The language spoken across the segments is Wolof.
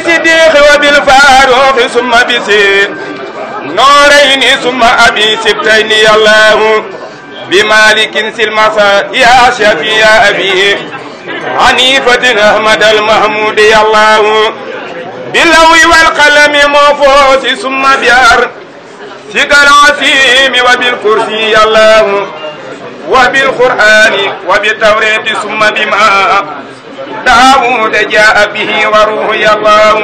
بالصديق وبالفاروق ثم بسير نورين ثم أبي سبتين الله بمالك سلمسا يا شفيع أبي حنيفة أحمد المحمود الله باللو والقلم موفوس ثم بأر سيد العظيم وبالكرسي الله وبالقرآن وبالتوراة ثم بما داوود جاء به وروح الله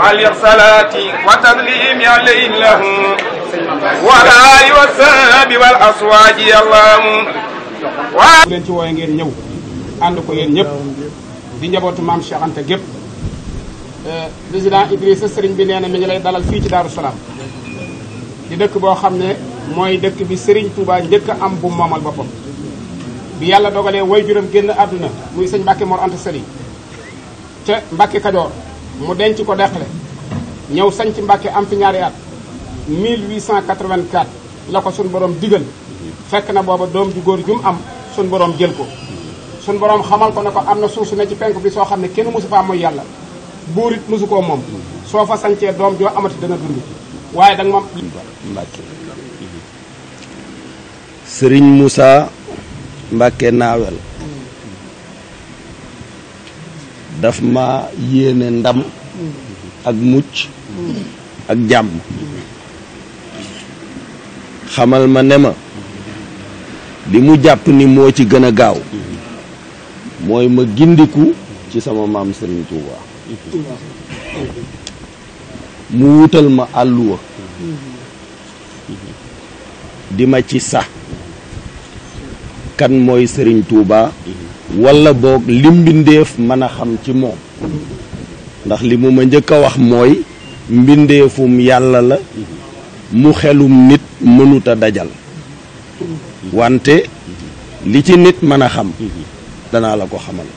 عليه الصلاة وتسليم عليه له والآل والصحب والأصوات الله leen ci wooye ngeen ñëw ànd ko yéen ñëpp di njabootu maam Cheikh Anta gépp euh, président Idrissa sëriñ bi nee na mi ngi lay dalal fii ci Daaru Salaam di dëkk boo xam ne mooy dëkk bi sëriñ Touba njëkk am bu moomal boppam bi yàlla dogalee way juram génn àdduna muy sëñ Mbàkke Mor Anta Sali ca Mbàkke Kajoor mu denc ko deqale ñëw sañ ci Mbàkke am fi ñaari at la ko suñ boroom digal fekk na booba doom ju góor ju am suñ borom jël ko suñ borom xamal ko ne ko am na suuf su ne ci penk bi soo xam ne kenn mosu faa mooy yàlla buur it mosu koo moom soo fa sañcee doom joo amati dana dund waaye danga ma Sëriñ Moussa Mbàkke naawel daf ma yéene ndam ak mucc ak jàmm xamal ma ne ma li mu jàpp ni moo ci gën a gaaw mooy ma gindiku ci sama maam Serigne Touba mu wutal ma àlluwa di ma ci sax kan mooy sëriñ Touba walla boog li mbindeef mën a xam ci moom ndax li mu ma njëkk a wax mooy mbindeefum yàlla la mu xelum nit mënut dajal wante li ci nit mën a xam danaa la ko xamal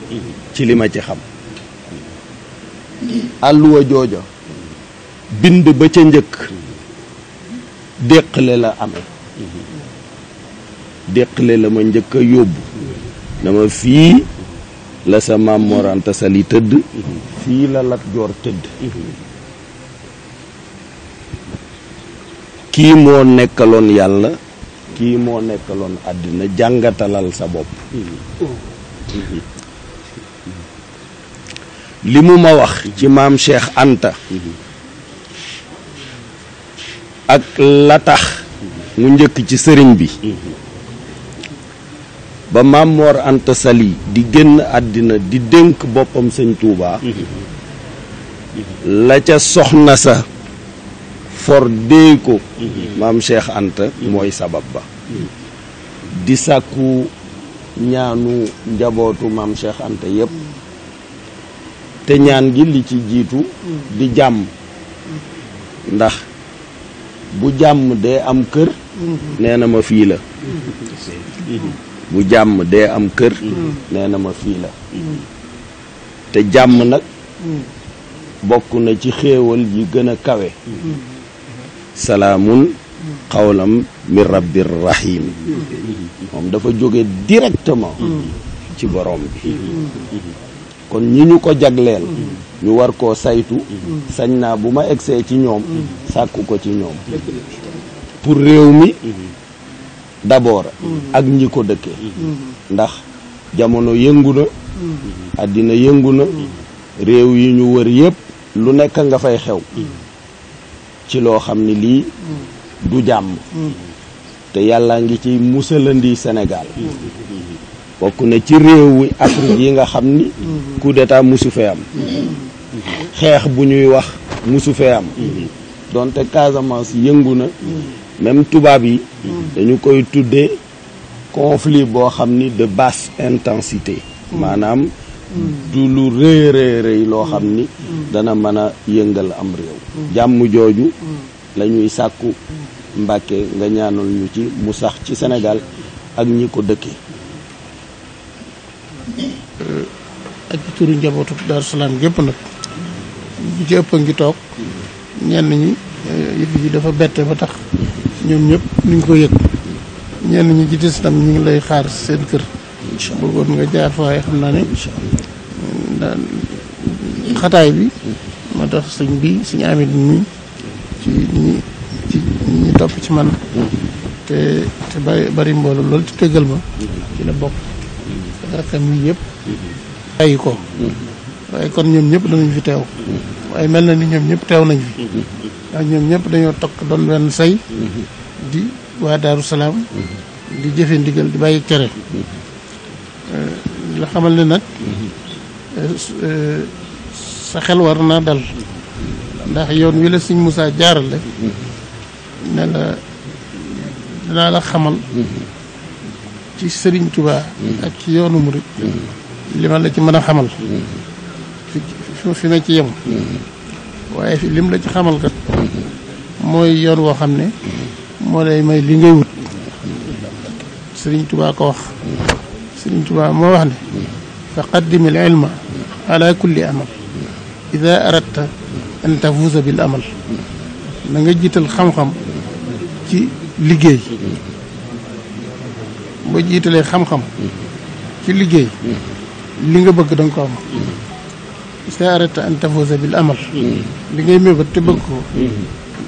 ci li ma ci xam àlluwa jooja bind ba ca njëkk déqale la amee déqale la ma njëkk a yóbbu dama fii la sa maam Mor Anta Sali tëdd fii la Lat Joor tëdd kii moo nekkaloon yàlla kii moo nekkaloon àddina jàngatalal sa bopp li mu ma wax ci maam Cheikh Anta ak la tax mu njëkk ci sëriñ bi ba maam Mor Anta Sali di génn àddina di dénk boppam sëñ Touba. la ca soxna sa for déey ko maam Cheikh Anta mooy sabab ba di sàkku ñaanu njabootu maam Cheikh Anta yëpp te ñaan gi li ci jiitu di jàmm ndax bu jàmm dee am kër nee ma fii la bu jàmm dee am kër mm. nee ma fii la mm. te jàmm nag mm. bokk na ci xéewal yi gën a kawe salaamun xawlam min rabbir rahim moom dafa jóge directement ci boroom bi kon ñi ñu ko jagleel ñu war koo saytu sañ naa bu ma egsee ci ñoom sàkku ko ci ñoom pour réew mi d'abord ak mm-hmm. ñi ko dëkkee mm-hmm. ndax jamono yëngu na mm-hmm. àddina yëngu na réew yi ñu wër yépp lu nekk nga fay xew ci loo xam ni lii du jàmm te yàlla ngi ci musalandi senegal bokk na ci réew Afrique yi nga xam ni coup d'état am xeex bu ñuy wax musu fee am donte Casamance yëngu na même tubaab yi dañu koy tuddee conflit boo xam ni de basse intensité mm. maanaam mm. du lu rëy rëy loo xam ni mm. dana mën a yëngal am réew jàmm jooju lañuy sàkku Mbàkke nga ñaanal ñu ci mu sax ci senegal ak ñi ko dëkkee euh, ak ci turu njabootu Daaru Salaam gépp nag ñu ci ëpp a ngi toog ñenn ñi euh, yi dafa bette ba tax ñoom ñëpp ñu ko yëg ñenn ñi ci des tam ñu ngi lay xaar seen kër. incha bëggoon nga jaar fa waaye xam naa ni xataay bi. moo tax sëñ bi suñu amit mi ci ñi ñi topp ci man. te te bari bari mbooloo loolu te tëggal ma. ci la bokk. rakam yi yëpp. ay ko. Mm-hmm. waaye kon ñoom ñëpp danañ fi teew. ay mel na ni ñoom ñëpp teew nañ fi ndax mm-hmm. ñoom ñëpp dañoo tokk doon benn say mm-hmm. di waa Daaru mm-hmm. di jëfe ndigal di bàyyi tere eh, la xamal ne nag eh, eh, sa xel war naa dal ndax yoon wi la sëñ Moussa jaarale ne la la xamal ci Sëriñ Tuubaa ak ci yoonu murit li ma la ci mën a xamal suuf na ci yem waaye lim la ci xamal mooy yoon woo xam ne moo lay may li ngay wut sëriñ tubaa ko wax sëriñ tubaa moo wax ne fa qaddim al ilma ala amal ida aradta an bil amal na nga jiital xam-xam ci liggéey boo jiitalee xam-xam ci liggéey li nga bëgg danga ko am sa arata an tafuusa bil amal li ngay mébét te bëgg ko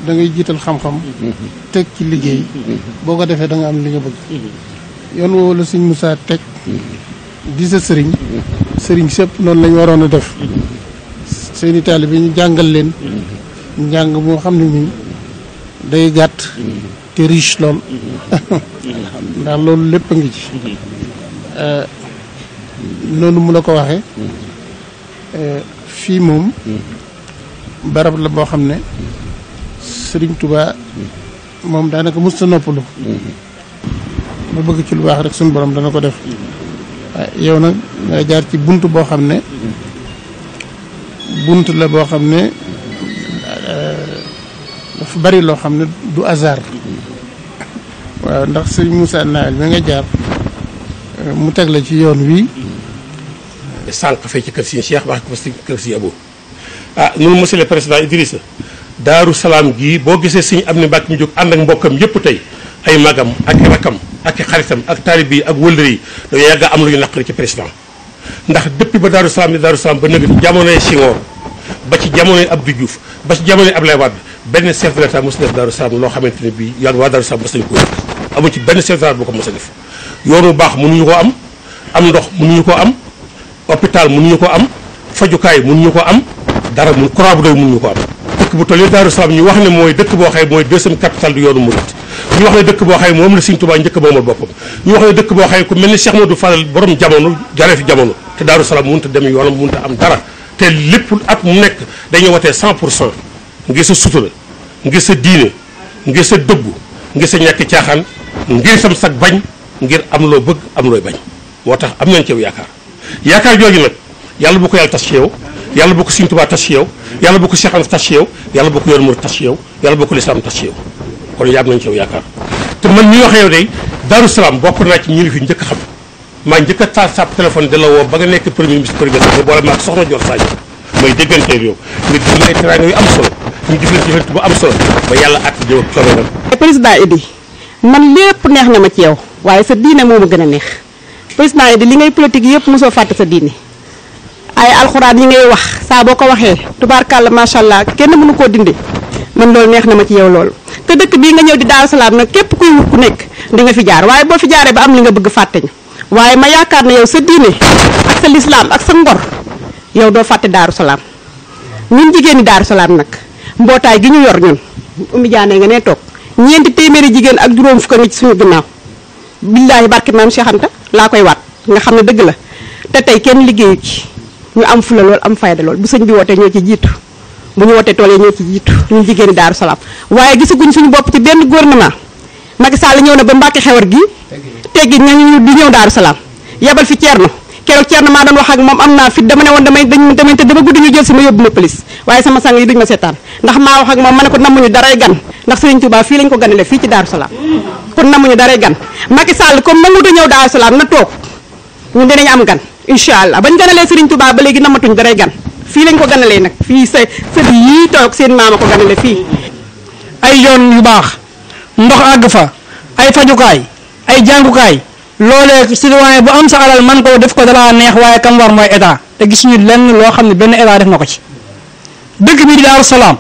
da ngay jiital xam-xam teg ci liggéey boo ko defee danga am li nga bëgg yoon woowu la sëñ Moussa teg di sa sëriñ sëriñ sépp noonu lañ waroon a def seeni taalibe bi ñu jàngal leen njàng moo xam ne nii day gàtt te riche lool ndax loolu lépp a ngi ci euh, noonu mu la ko waxee Eh, fii moom barab la boo xam ne sëriñ tubaa moom daanaka mës ta noppalu mu bëgg ci lu baax rek suñu borom dana ko def eh, yow nag nga jaar ci bunt boo xam ne bunt la boo xam ne eh, dafa bari loo xam ne du hasard waaw ndax sëriñ Moussa Naël mi nga jaar mu teg la ci yoon wi sànq fee ci kër Sëriñ Cheikh wax ko ci kër Sëriñ Abou ah noonu monsieur le président Idrissa daaru salaam gii boo gisee si ñu am Amdi Mbàkke ñu jóg ànd ak mbokkam yépp tey ay magam ak rakam ak xaritam ak taalib yi ak wëllëre yi dañoo yàgg am lu ñu naqari ci président ndax depuis ba daaru salaam di daaru salaam ba nëgg si Senghor ba ci jamonoy Abdou Diouf ba ci jamonoy Abdoulaye Wade benn chef de l'État mos def daaru salaam loo xamante ne bii yoon waa daaru salaam ko amu ci benn chef de ko mos a def yoonu baax mënuñu ko am am ndox mënuñu ko am mun mënuñu ko am fajukaay ñu ko am dara mu croix bu doy mënuñu ko am dëkk bu toll Daaru Salaam ñu wax ne mooy dëkk boo xëy mooy deuxième capitale du yoonu murit ñu wax ne dëkk boo xëy moom la Sëriñ Tuubaa njëkk moomal boppam ñu wax ne dëkk boo xëy ku mel ni Cheikh Modou Fall borom jamono jaree jamono te Daaru Salaam mënut a dem yoonam mënut a am dara te lépp at mu nekk dañuy watee 100 pour cent ngir sa sutura ngir sa diine ngir sa dëggu ngir sa ñàkk caaxaan ngir sam sag bañ ngir am loo am looy bañ moo tax am nañ ci yaakaar yaakaar jooju nag yàlla bu ko yàlla tas ci yow yàlla bu ko Sëriñ Tuubaa tas ci yow yàlla bu ko Seex Anta tas ci yow yàlla bu ko yoon Murid tas ci yow yàlla bu ko lislaam tas ci yow kon yaa am nañ ci maa njëkk a taal sàpp téléphone la woo ba nga nekk premier ministre premier ministre boole maag soxna Dior Sadio mooy dégganteeg may teraanga yu am solo ñu jëfee jëfee bu am solo ba yàlla at jëm ak coono nag. président Idy man lépp neex na ma ci yow waaye sa diine moo ma gën a neex. président yi di ngay politique yëpp mosoo fàtte sa diine ay alxuraan yi ngay wax saa boo ko waxee tubaarkàlla macha allah kenn mënu koo dindi man loolu neex na ma ci yow loolu. te dëkk bii nga ñëw di Daaru Salaam nag képp kuy ku nekk di nga fi jaar waaye boo fi jaaree am li nga bëgg fàtte ñu ma yaakaar ne sa diine ak sa lislaam ak sa ngor yow doo fàtte Daaru Salaam ñun jigéen ñi Daaru Salaam nag mbootaay gi ñu yor ñun Oumy Diané nga ne toog ñeenti téeméeri jigéen ak juróom fukk ngi ci suñu ginnaaw billaahi barke maam Cheikh Anta laa koy waat nga xam ne dëgg la te tey kenn liggéeyu ci ñu am fula lool am fayda lool bu sëñ bi wootee ñoo ci jiitu bu ñu wootee tool yi ñoo ci jiitu ñu jigéeni daaru salaam waaye gisaguñ suñu bopp ci benn gouvernement Macky Sall ñëw na ba Mbàkke xewar gi teggi ñañu di ñëw daaru salaam yebal fi na keroog Thierno maa doon wax ak moom am naa fit dama ne woon damay dañ damay te dama guddi ñu jël si ma yóbbu ma police waaye sama sang yi duñ ma seetaan ndax maa wax ak moom ma ne ko namuñu daray gan ndax Serigne Touba fii lañ ko ganale fii ci Daaru Salaam kon namuñu daray gan Macky Sall comme nanguta ñëw Daaru Salaam na toog ñun dinañ am gan incha allah bañ ganalee Serigne Touba ba léegi namatuñ nag fii sa sëbi yii toog seen maama ko ganale fii ay yoon yu baax ndox àgg fa ay fajukaay ay jàngukaay loolee citoyen bu am sa alal man ko def ko dalaa neex waaye kam war mooy état te gisuñu lenn loo xam ne benn état def ma ko ci dëkk bi di Daaru Salaam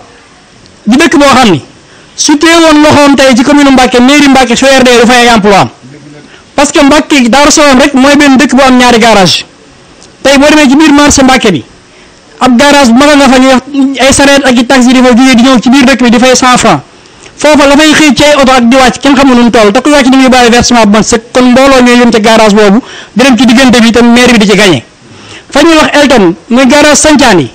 di dëkk boo xam ni su teewoon loxoom tey ci commune Mbacke mairie Mbacke SORD du fay ay emploi am parce que Mbacke Daaru rek mooy benn dëkk bu am ñaari garage tey boo demee ci biir marché Mbacke bi ab garage bu mag a nga fa ñuy wax ay sareet ak i taxi di fa jugee di ñëw ci biir dëkk bi di fay 100 foofa la fay xëy ci ay oto ak di wàcc kenn xamul nu mu toll te ku wàcc ni muy bàyyi versement bu mat sëkk kon mbooloo ñooy yëm ca garage boobu di ci diggante bi itam maire bi di ci gagné wax Elton muy garage Sancaan yi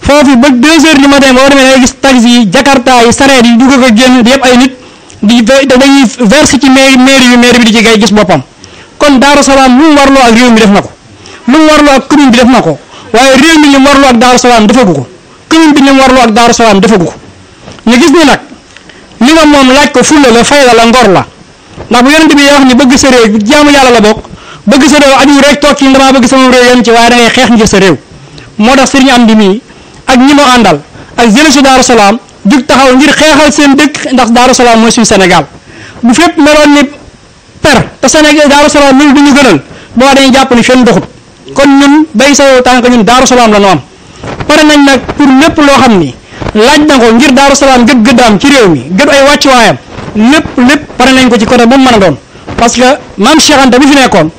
foofu ba 2 heures du matin boo demee da ngay gis taxi yi jakarta yi sareet yi dugg ko génn di ci maire maire bi maire bi di ci gay gis boppam kon Daaru Salaam lu mu warloo ak réew mi def na ko lu mu warloo ak commune bi def na ko waaye réew mi li mu warloo ak Daaru Salaam defagu ko commune bi li mu warloo ak Daaru Salaam defagu ko ñu gis ne nag li nga moom laaj ko fulla la fayda la ngor la ndax bu yonent bi wax ni bëgg sa réew jaamu yàlla la bokk bëgg sa réew aju rek toog ci moo tax ak ñi mu àndal ak jeunesse su Daaru Salaam taxaw ngir xeexal seen dëkk ndax Daaru Salaam mooy suñu senegal bu fépp meloon ni per te Sénégal Daaru Salaam mel du ñu gënal boo dañuy jàpp ni fenn doxut kon ñun bay sa tànk ñun Daaru Salaam la ñu am pare nañ nag pour lépp loo xam ni laaj na ko ngir daaru salaam gëd gëddaam ci réew mi gëd ay wàccuwaayam lépp lépp pare nañ ko ci côté bu mu mën a doon parce que maam bi fi nekkoon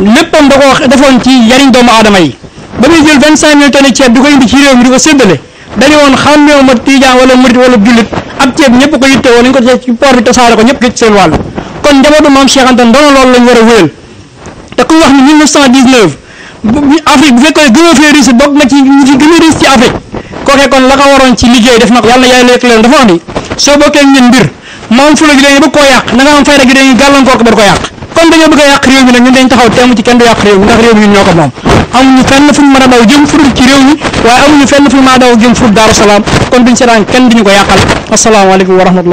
léppam da ko defoon ci yariñ doomu aadama yi ba muy jël vingt cinq mille tonnes ceeb ko indi ci réew mi di ko séddale dañu woon xàmmeewu ma tiijaan wala murit wala jullit ab ceeb ñëpp ko yitte woon nañ ko ci port bi tasaare ñëpp ci seen wàll kon njabootu maam Cheikh ndono loolu lañ war a wéyal te ku wax ni 1919 Afrique bu fekkee gën a fee riis bokk na ci ñi ci gën a riis ci Afrique kookee kon la ko waroon ci liggéey def na ko yàlla yaay lekk leen dafa wax ni soo bokkee ñun mbir ba ko yàq kon dañoo bëgg a amu ci fenn fu ñu mën a daw jëm furul ci réew a ko yàqal asalaamaaleykum wa rahmatullah